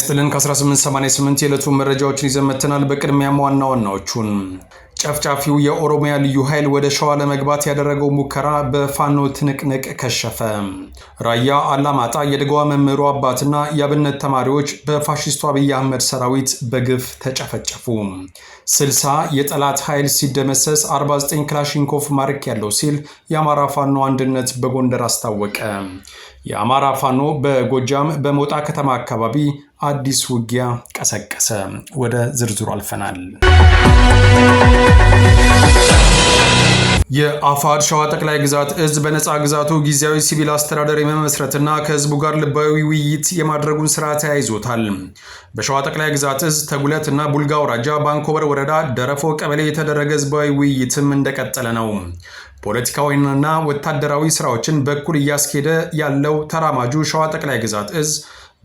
ይስጥልን ከ1888 የዕለቱ መረጃዎችን ይዘመተናል በቅድሚያም ዋና ዋናዎቹን ጨፍጫፊው የኦሮሚያ ልዩ ኃይል ወደ ሸዋ ለመግባት ያደረገው ሙከራ በፋኖ ትንቅንቅ ከሸፈ። ራያ አላማጣ የድገዋ መምህሩ አባትና የአብነት ተማሪዎች በፋሽስቱ አብይ አህመድ ሰራዊት በግፍ ተጨፈጨፉ። 60 የጠላት ኃይል ሲደመሰስ 49 ክላሽንኮቭ ማርክ ያለው ሲል የአማራ ፋኖ አንድነት በጎንደር አስታወቀ። የአማራ ፋኖ በጎጃም በሞጣ ከተማ አካባቢ አዲስ ውጊያ ቀሰቀሰ። ወደ ዝርዝሩ አልፈናል። የአፋድ ሸዋ ጠቅላይ ግዛት እዝ በነፃ ግዛቱ ጊዜያዊ ሲቪል አስተዳደር የመመስረትና ከህዝቡ ጋር ልባዊ ውይይት የማድረጉን ስራ ተያይዞታል። በሸዋ ጠቅላይ ግዛት እዝ ተጉለት እና ቡልጋ አውራጃ ባንኮበር ወረዳ ደረፎ ቀበሌ የተደረገ ህዝባዊ ውይይትም እንደቀጠለ ነው። ፖለቲካዊና ወታደራዊ ስራዎችን በኩል እያስኬደ ያለው ተራማጁ ሸዋ ጠቅላይ ግዛት እዝ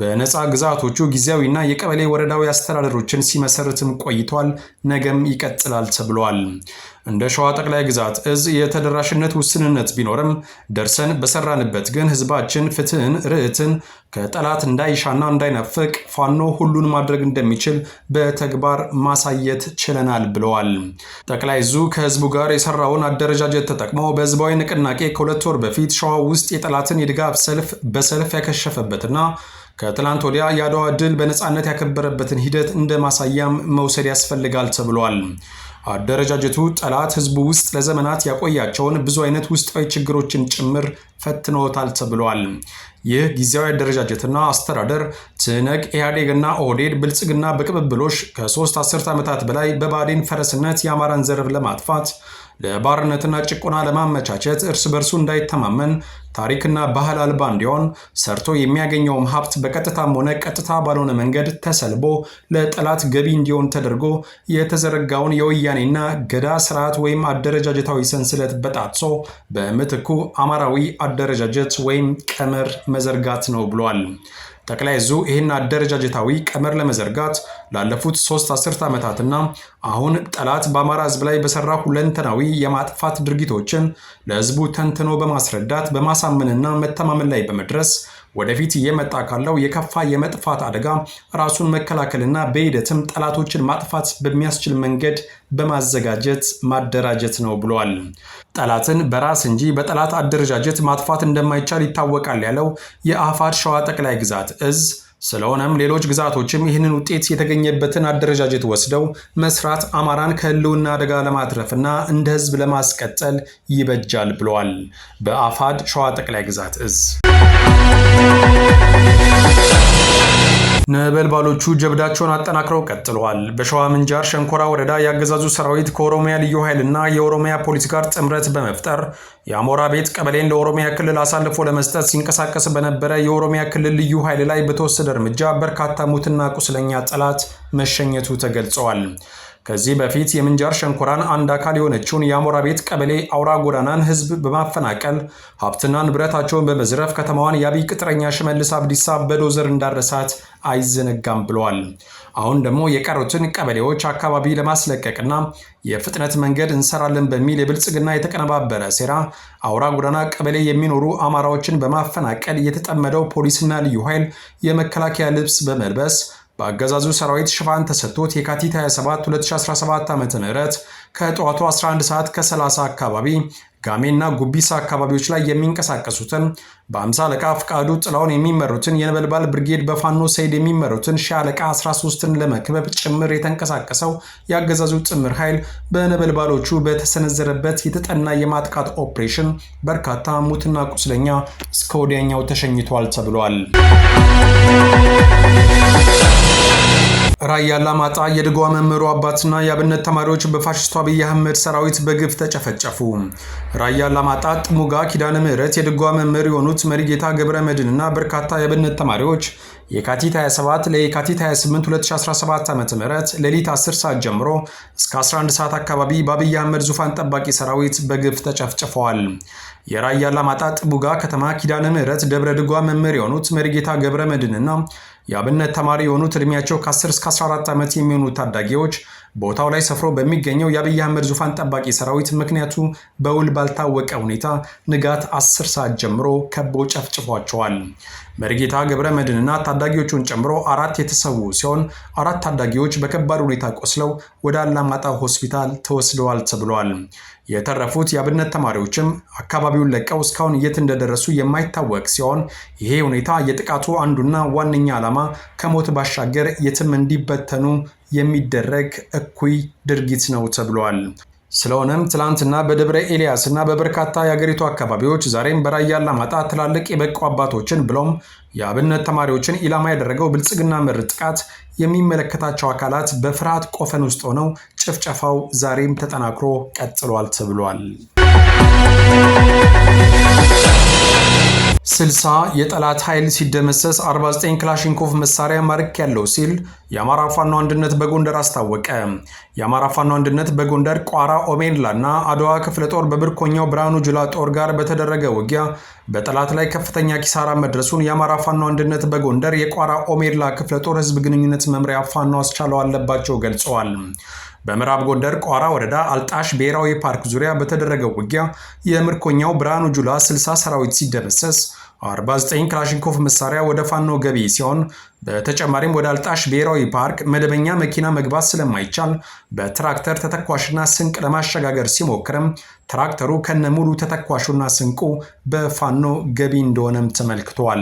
በነፃ ግዛቶቹ ጊዜያዊና የቀበሌ ወረዳዊ አስተዳደሮችን ሲመሰርትም ቆይቷል። ነገም ይቀጥላል ተብሏል። እንደ ሸዋ ጠቅላይ ግዛት እዝ የተደራሽነት ውስንነት ቢኖርም ደርሰን በሰራንበት ግን ህዝባችን ፍትህን፣ ርዕትን ከጠላት እንዳይሻና እንዳይነፍቅ ፋኖ ሁሉን ማድረግ እንደሚችል በተግባር ማሳየት ችለናል ብለዋል። ጠቅላይ እዙ ከህዝቡ ጋር የሰራውን አደረጃጀት ተጠቅሞ በህዝባዊ ንቅናቄ ከሁለት ወር በፊት ሸዋ ውስጥ የጠላትን የድጋፍ ሰልፍ በሰልፍ ያከሸፈበትና ከትላንት ወዲያ የአድዋ ድል በነፃነት ያከበረበትን ሂደት እንደ ማሳያም መውሰድ ያስፈልጋል ተብሏል። አደረጃጀቱ ጠላት ህዝቡ ውስጥ ለዘመናት ያቆያቸውን ብዙ አይነት ውስጣዊ ችግሮችን ጭምር ፈትነውታል ተብሏል። ይህ ጊዜያዊ አደረጃጀትና አስተዳደር ትነግ ኢህአዴግና ኦህዴድ ብልጽግና በቅብብሎሽ ከሶስት አስርት ዓመታት በላይ በባዴን ፈረስነት የአማራን ዘርፍ ለማጥፋት ለባርነትና ጭቆና ለማመቻቸት እርስ በርሱ እንዳይተማመን ታሪክና ባህል አልባ እንዲሆን ሰርቶ የሚያገኘውም ሀብት በቀጥታም ሆነ ቀጥታ ባልሆነ መንገድ ተሰልቦ ለጠላት ገቢ እንዲሆን ተደርጎ የተዘረጋውን የወያኔና ገዳ ስርዓት ወይም አደረጃጀታዊ ሰንሰለት በጣጥሶ በምትኩ አማራዊ አደረጃጀት ወይም ቀመር መዘርጋት ነው ብሏል። ጠቅላይ ዕዙ ይህን አደረጃጀታዊ ቀመር ለመዘርጋት ላለፉት ሶስት አስርት ዓመታትና አሁን ጠላት በአማራ ህዝብ ላይ በሰራ ሁለንተናዊ የማጥፋት ድርጊቶችን ለህዝቡ ተንትኖ በማስረዳት በማሳ ማሳመንና መተማመን ላይ በመድረስ ወደፊት እየመጣ ካለው የከፋ የመጥፋት አደጋ ራሱን መከላከልና በሂደትም ጠላቶችን ማጥፋት በሚያስችል መንገድ በማዘጋጀት ማደራጀት ነው ብለዋል። ጠላትን በራስ እንጂ በጠላት አደረጃጀት ማጥፋት እንደማይቻል ይታወቃል ያለው የአፋድ ሸዋ ጠቅላይ ግዛት እዝ ስለሆነም ሌሎች ግዛቶችም ይህንን ውጤት የተገኘበትን አደረጃጀት ወስደው መስራት አማራን ከህልውና አደጋ ለማትረፍና እንደ ህዝብ ለማስቀጠል ይበጃል ብለዋል። በአፋድ ሸዋ ጠቅላይ ግዛት እዝ ነበልባሎቹ ጀብዳቸውን አጠናክረው ቀጥለዋል። በሸዋ ምንጃር ሸንኮራ ወረዳ የአገዛዙ ሰራዊት ከኦሮሚያ ልዩ ኃይልና የኦሮሚያ ፖሊስ ጋር ጥምረት በመፍጠር የአሞራ ቤት ቀበሌን ለኦሮሚያ ክልል አሳልፎ ለመስጠት ሲንቀሳቀስ በነበረ የኦሮሚያ ክልል ልዩ ኃይል ላይ በተወሰደ እርምጃ በርካታ ሙትና ቁስለኛ ጠላት መሸኘቱ ተገልጸዋል። ከዚህ በፊት የምንጃር ሸንኮራን አንድ አካል የሆነችውን የአሞራ ቤት ቀበሌ አውራ ጎዳናን ህዝብ በማፈናቀል ሀብትና ንብረታቸውን በመዝረፍ ከተማዋን የአብይ ቅጥረኛ ሽመልስ አብዲሳ በዶዘር እንዳረሳት አይዘነጋም ብለዋል። አሁን ደግሞ የቀሩትን ቀበሌዎች አካባቢ ለማስለቀቅና የፍጥነት መንገድ እንሰራለን በሚል የብልጽግና የተቀነባበረ ሴራ አውራ ጎዳና ቀበሌ የሚኖሩ አማራዎችን በማፈናቀል የተጠመደው ፖሊስና ልዩ ኃይል የመከላከያ ልብስ በመልበስ በአገዛዙ ሰራዊት ሽፋን ተሰጥቶት የካቲት 27 2017 ዓ ም ከጠዋቱ 11 ሰዓት ከ30 አካባቢ ጋሜና ጉቢሳ አካባቢዎች ላይ የሚንቀሳቀሱትን በ50 አለቃ ፍቃዱ ጥላውን የሚመሩትን የነበልባል ብርጌድ በፋኖ ሰይድ የሚመሩትን ሺ አለቃ 13ን ለመክበብ ጭምር የተንቀሳቀሰው የአገዛዙ ጥምር ኃይል በነበልባሎቹ በተሰነዘረበት የተጠና የማጥቃት ኦፕሬሽን በርካታ ሙትና ቁስለኛ እስከ ወዲያኛው ተሸኝቷል ተብሏል። ራያ አላማጣ የድጓ መምህሩ አባትና የአብነት ተማሪዎች በፋሽስቱ አብይ አህመድ ሰራዊት በግፍ ተጨፈጨፉ። ራያ አላማጣ ጥሙጋ ኪዳነ ምህረት የድጓ መምህር የሆኑት መሪጌታ ገብረ መድን እና በርካታ የአብነት ተማሪዎች የካቲት 27 ለየካቲት 28 2017 ዓ ም ሌሊት 10 ሰዓት ጀምሮ እስከ 11 ሰዓት አካባቢ በአብይ አህመድ ዙፋን ጠባቂ ሰራዊት በግፍ ተጨፍጭፈዋል። የራያ አላማጣ ጥሙጋ ከተማ ኪዳነ ምህረት ደብረ ድጓ መምህር የሆኑት መሪጌታ ገብረ መድንና የአብነት ተማሪ የሆኑት ዕድሜያቸው ከ10 እስከ 14 ዓመት የሚሆኑ ታዳጊዎች ቦታው ላይ ሰፍሮ በሚገኘው የአብይ አህመድ ዙፋን ጠባቂ ሰራዊት ምክንያቱ በውል ባልታወቀ ሁኔታ ንጋት አስር ሰዓት ጀምሮ ከበው ጨፍጭፏቸዋል። መርጌታ ገብረ መድንና ታዳጊዎቹን ጨምሮ አራት የተሰዉ ሲሆን አራት ታዳጊዎች በከባድ ሁኔታ ቆስለው ወደ አላማጣ ሆስፒታል ተወስደዋል ተብሏል። የተረፉት የአብነት ተማሪዎችም አካባቢውን ለቀው እስካሁን የት እንደደረሱ የማይታወቅ ሲሆን ይሄ ሁኔታ የጥቃቱ አንዱና ዋነኛ ዓላማ ከሞት ባሻገር የትም እንዲበተኑ የሚደረግ እኩይ ድርጊት ነው ተብሏል። ስለሆነም ትላንትና በደብረ ኤልያስ እና በበርካታ የአገሪቱ አካባቢዎች ዛሬም በራያ አላማጣ ትላልቅ የበቁ አባቶችን ብሎም የአብነት ተማሪዎችን ኢላማ ያደረገው ብልጽግና መር ጥቃት የሚመለከታቸው አካላት በፍርሃት ቆፈን ውስጥ ሆነው ጭፍጨፋው ዛሬም ተጠናክሮ ቀጥሏል ተብሏል። 60 የጠላት ኃይል ሲደመሰስ 49 ክላሽንኮቭ መሳሪያ ማርክ ያለው ሲል የአማራ ፋኖ አንድነት በጎንደር አስታወቀ። የአማራ ፋኖ አንድነት በጎንደር ቋራ ኦሜድላ እና አድዋ ክፍለ ጦር በብርኮኛው ብርሃኑ ጁላ ጦር ጋር በተደረገ ውጊያ በጠላት ላይ ከፍተኛ ኪሳራ መድረሱን የአማራ ፋኖ አንድነት በጎንደር የቋራ ኦሜንላ ክፍለ ጦር ህዝብ ግንኙነት መምሪያ ፋኖ አስቻለው አለባቸው ገልጸዋል። በምዕራብ ጎንደር ቋራ ወረዳ አልጣሽ ብሔራዊ ፓርክ ዙሪያ በተደረገው ውጊያ የምርኮኛው ብርሃኑ ጁላ 60 ሰራዊት ሲደመሰስ 49 ክላሽንኮቭ መሳሪያ ወደ ፋኖ ገቢ ሲሆን በተጨማሪም ወደ አልጣሽ ብሔራዊ ፓርክ መደበኛ መኪና መግባት ስለማይቻል በትራክተር ተተኳሽና ስንቅ ለማሸጋገር ሲሞክርም ትራክተሩ ከነሙሉ ተተኳሹና ስንቁ በፋኖ ገቢ እንደሆነም ተመልክቷል።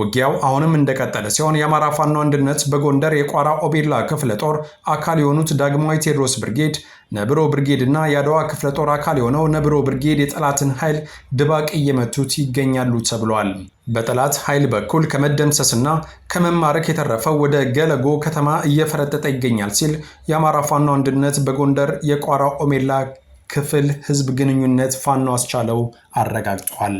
ውጊያው አሁንም እንደቀጠለ ሲሆን የአማራ ፋኖ አንድነት በጎንደር የቋራ ኦቤላ ክፍለ ጦር አካል የሆኑት ዳግማዊ ቴዎድሮስ ብርጌድ ነብሮ ብርጌድ እና የአድዋ ክፍለ ጦር አካል የሆነው ነብሮ ብርጌድ የጠላትን ኃይል ድባቅ እየመቱት ይገኛሉ ተብሏል። በጠላት ኃይል በኩል ከመደምሰስና ከመማረክ የተረፈው ወደ ገለጎ ከተማ እየፈረጠጠ ይገኛል ሲል የአማራ ፋኖ አንድነት በጎንደር የቋራ ኦሜላ ክፍል ህዝብ ግንኙነት ፋኖ አስቻለው አረጋግጧል።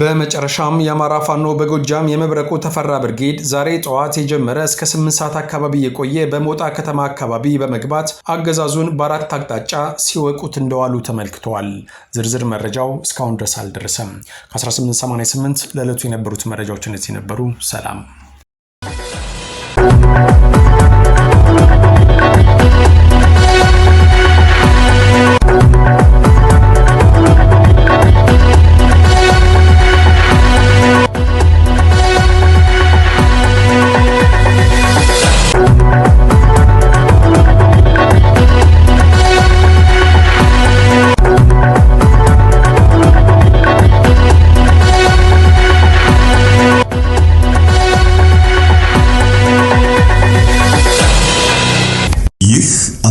በመጨረሻም የአማራ ፋኖ በጎጃም የመብረቁ ተፈራ ብርጌድ ዛሬ ጠዋት የጀመረ እስከ 8 ሰዓት አካባቢ የቆየ በሞጣ ከተማ አካባቢ በመግባት አገዛዙን በአራት አቅጣጫ ሲወቁት እንደዋሉ ተመልክተዋል። ዝርዝር መረጃው እስካሁን ድረስ አልደረሰም። ከ1888 ለዕለቱ የነበሩት መረጃዎች እነዚህ ነበሩ። ሰላም